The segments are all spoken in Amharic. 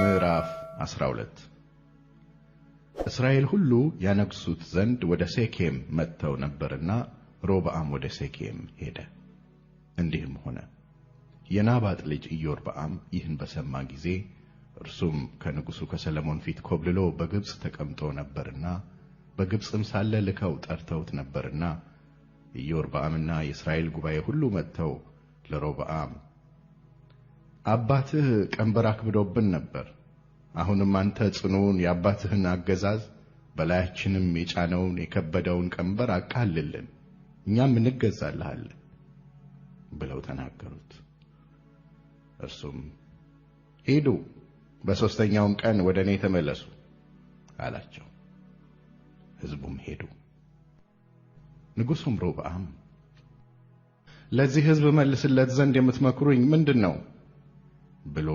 ምዕራፍ 12 እስራኤል ሁሉ ያነግሡት ዘንድ ወደ ሴኬም መጥተው ነበርና ሮብዓም ወደ ሴኬም ሄደ። እንዲህም ሆነ የናባጥ ልጅ ኢዮርብዓም ይህን በሰማ ጊዜ እርሱም ከንጉሡ ከሰለሞን ፊት ኮብልሎ በግብፅ ተቀምጦ ነበርና በግብፅም ሳለ ልከው ጠርተውት ነበርና ኢዮርብዓምና የእስራኤል ጉባኤ ሁሉ መጥተው ለሮብዓም አባትህ ቀንበር አክብዶብን ነበር። አሁንም አንተ ጽኑውን የአባትህን አገዛዝ በላያችንም የጫነውን የከበደውን ቀንበር አቃልልን፣ እኛም እንገዛልሃለን ብለው ተናገሩት። እርሱም ሂዱ፣ በሦስተኛውም ቀን ወደ እኔ ተመለሱ አላቸው። ሕዝቡም ሄዱ። ንጉሡም ሮብዓም ለዚህ ሕዝብ መልስለት ዘንድ የምትመክሩኝ ምንድን ነው ብሎ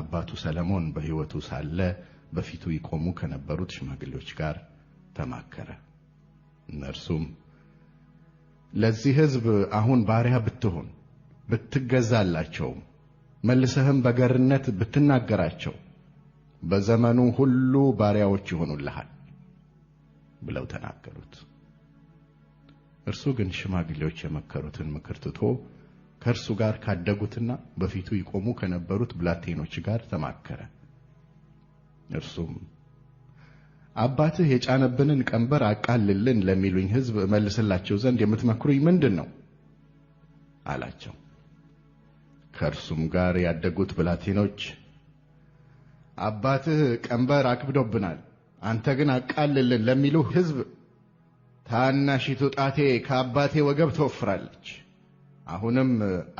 አባቱ ሰለሞን በሕይወቱ ሳለ በፊቱ ይቆሙ ከነበሩት ሽማግሌዎች ጋር ተማከረ። እነርሱም ለዚህ ሕዝብ አሁን ባሪያ ብትሆን ብትገዛላቸውም፣ መልሰህም በገርነት ብትናገራቸው በዘመኑ ሁሉ ባሪያዎች ይሆኑልሃል ብለው ተናገሩት። እርሱ ግን ሽማግሌዎች የመከሩትን ምክር ትቶ ከእርሱ ጋር ካደጉትና በፊቱ ይቆሙ ከነበሩት ብላቴኖች ጋር ተማከረ። እርሱም አባትህ የጫነብንን ቀንበር አቃልልን ለሚሉኝ ሕዝብ እመልስላቸው ዘንድ የምትመክሩኝ ምንድን ነው አላቸው። ከእርሱም ጋር ያደጉት ብላቴኖች አባትህ ቀንበር አክብዶብናል፣ አንተ ግን አቃልልን ለሚሉ ሕዝብ ታናሺቱ ጣቴ ከአባቴ ወገብ ትወፍራለች አሁንም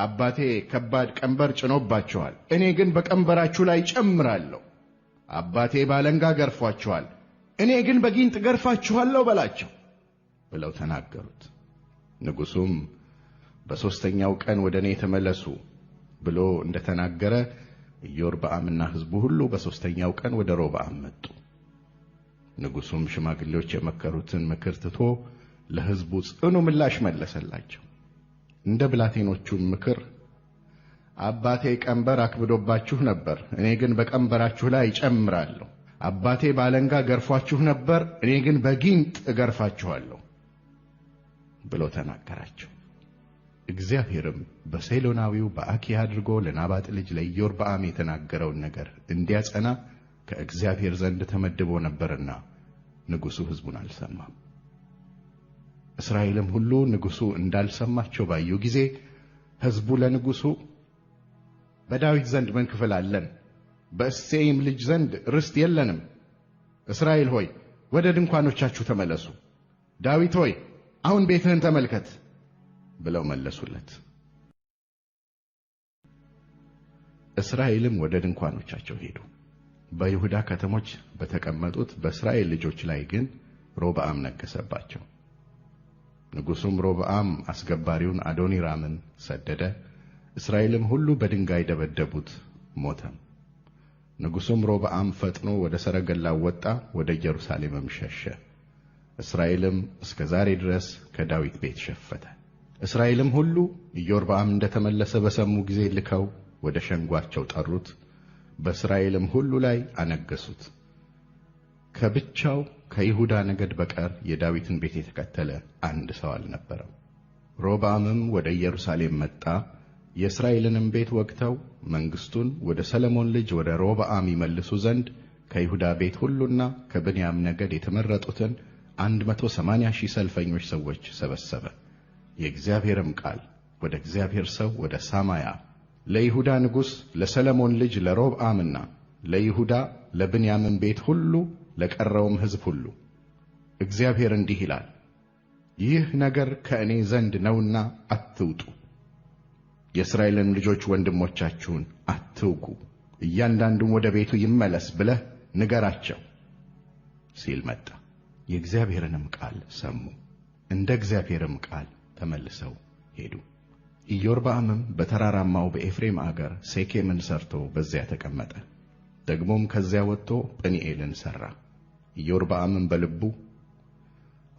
አባቴ ከባድ ቀንበር ጭኖባችኋል፣ እኔ ግን በቀንበራችሁ ላይ ጨምራለሁ። አባቴ ባለንጋ ገርፏችኋል፣ እኔ ግን በጊንጥ ገርፋችኋለሁ በላቸው ብለው ተናገሩት። ንጉሡም በሦስተኛው ቀን ወደ እኔ ተመለሱ ብሎ እንደ ተናገረ ኢዮርብዓምና ሕዝቡ ሁሉ በሦስተኛው ቀን ወደ ሮብዓም መጡ። ንጉሡም ሽማግሌዎች የመከሩትን ምክር ትቶ ለሕዝቡ ጽኑ ምላሽ መለሰላቸው። እንደ ብላቴኖቹም ምክር አባቴ ቀንበር አክብዶባችሁ ነበር፣ እኔ ግን በቀንበራችሁ ላይ ጨምራለሁ አባቴ ባለንጋ ገርፏችሁ ነበር፣ እኔ ግን በጊንጥ እገርፋችኋለሁ ብሎ ተናገራቸው። እግዚአብሔርም በሴሎናዊው በአኪያ አድርጎ ለናባጥ ልጅ ለኢዮርብዓም የተናገረውን ነገር እንዲያጸና ከእግዚአብሔር ዘንድ ተመድቦ ነበርና ንጉሡ ሕዝቡን አልሰማም። እስራኤልም ሁሉ ንጉሡ እንዳልሰማቸው ባዩ ጊዜ ሕዝቡ ለንጉሡ በዳዊት ዘንድ ክፍል አለን፣ በእሴይም ልጅ ዘንድ ርስት የለንም። እስራኤል ሆይ ወደ ድንኳኖቻችሁ ተመለሱ፣ ዳዊት ሆይ አሁን ቤትህን ተመልከት ብለው መለሱለት። እስራኤልም ወደ ድንኳኖቻቸው ሄዱ። በይሁዳ ከተሞች በተቀመጡት በእስራኤል ልጆች ላይ ግን ሮብዓም ነገሰባቸው። ንጉሡም ሮብዓም አስገባሪውን አዶኒራምን ሰደደ። እስራኤልም ሁሉ በድንጋይ ደበደቡት፣ ሞተም። ንጉሡም ሮብዓም ፈጥኖ ወደ ሰረገላው ወጣ፣ ወደ ኢየሩሳሌምም ሸሸ። እስራኤልም እስከ ዛሬ ድረስ ከዳዊት ቤት ሸፈተ። እስራኤልም ሁሉ ኢዮርብዓም እንደ ተመለሰ በሰሙ ጊዜ ልከው ወደ ሸንጓቸው ጠሩት፣ በእስራኤልም ሁሉ ላይ አነገሱት። ከብቻው ከይሁዳ ነገድ በቀር የዳዊትን ቤት የተከተለ አንድ ሰው አልነበረም። ሮብዓምም ወደ ኢየሩሳሌም መጣ። የእስራኤልንም ቤት ወግተው መንግሥቱን ወደ ሰለሞን ልጅ ወደ ሮብዓም ይመልሱ ዘንድ ከይሁዳ ቤት ሁሉና ከብንያም ነገድ የተመረጡትን አንድ መቶ ሰማንያ ሺህ ሰልፈኞች ሰዎች ሰበሰበ። የእግዚአብሔርም ቃል ወደ እግዚአብሔር ሰው ወደ ሳማያ ለይሁዳ ንጉሥ ለሰለሞን ልጅ ለሮብዓምና ለይሁዳ ለብንያምን ቤት ሁሉ ለቀረውም ሕዝብ ሁሉ እግዚአብሔር እንዲህ ይላል፣ ይህ ነገር ከእኔ ዘንድ ነውና አትውጡ። የእስራኤልን ልጆች ወንድሞቻችሁን አትውጉ፣ እያንዳንዱም ወደ ቤቱ ይመለስ ብለህ ንገራቸው ሲል መጣ። የእግዚአብሔርንም ቃል ሰሙ፣ እንደ እግዚአብሔርም ቃል ተመልሰው ሄዱ። ኢዮርብዓምም በተራራማው በኤፍሬም አገር ሴኬምን ሰርቶ በዚያ ተቀመጠ። ደግሞም ከዚያ ወጥቶ ጵኒኤልን ሠራ። ኢዮርብዓምም በልቡ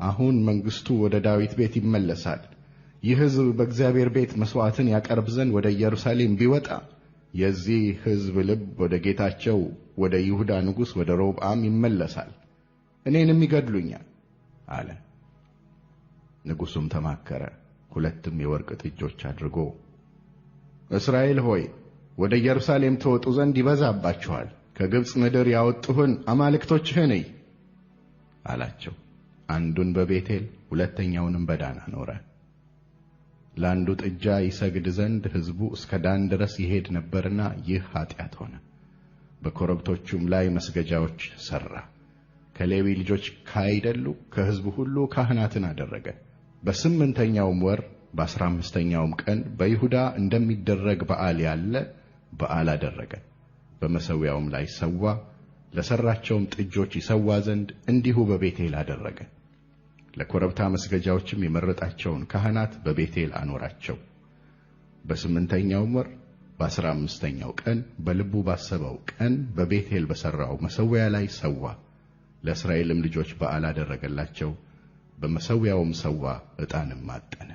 አሁን መንግሥቱ ወደ ዳዊት ቤት ይመለሳል፣ ይህ ሕዝብ በእግዚአብሔር ቤት መሥዋዕትን ያቀርብ ዘንድ ወደ ኢየሩሳሌም ቢወጣ የዚህ ሕዝብ ልብ ወደ ጌታቸው ወደ ይሁዳ ንጉሥ ወደ ሮብዓም ይመለሳል፣ እኔንም ይገድሉኛል አለ። ንጉሡም ተማከረ፣ ሁለትም የወርቅ ጥጆች አድርጎ እስራኤል ሆይ ወደ ኢየሩሳሌም ትወጡ ዘንድ ይበዛባችኋል፣ ከግብፅ ምድር ያወጡህን አማልክቶችህን እይ አላቸው። አንዱን በቤቴል ሁለተኛውንም በዳን አኖረ። ለአንዱ ጥጃ ይሰግድ ዘንድ ሕዝቡ እስከ ዳን ድረስ ይሄድ ነበርና ይህ ኀጢአት ሆነ። በኮረብቶቹም ላይ መስገጃዎች ሠራ። ከሌዊ ልጆች ካይደሉ ከሕዝቡ ሁሉ ካህናትን አደረገ። በስምንተኛውም ወር በአሥራ አምስተኛውም ቀን በይሁዳ እንደሚደረግ በዓል ያለ በዓል አደረገ። በመሠዊያውም ላይ ሰዋ። ለሠራቸውም ጥጆች ይሰዋ ዘንድ እንዲሁ በቤቴል አደረገ። ለኮረብታ መስገጃዎችም የመረጣቸውን ካህናት በቤቴል አኖራቸው። በስምንተኛውም ወር በአስራ አምስተኛው ቀን በልቡ ባሰበው ቀን በቤቴል በሠራው መሠዊያ ላይ ሰዋ። ለእስራኤልም ልጆች በዓል አደረገላቸው። በመሠዊያውም ሰዋ፣ ዕጣንም አጠነ።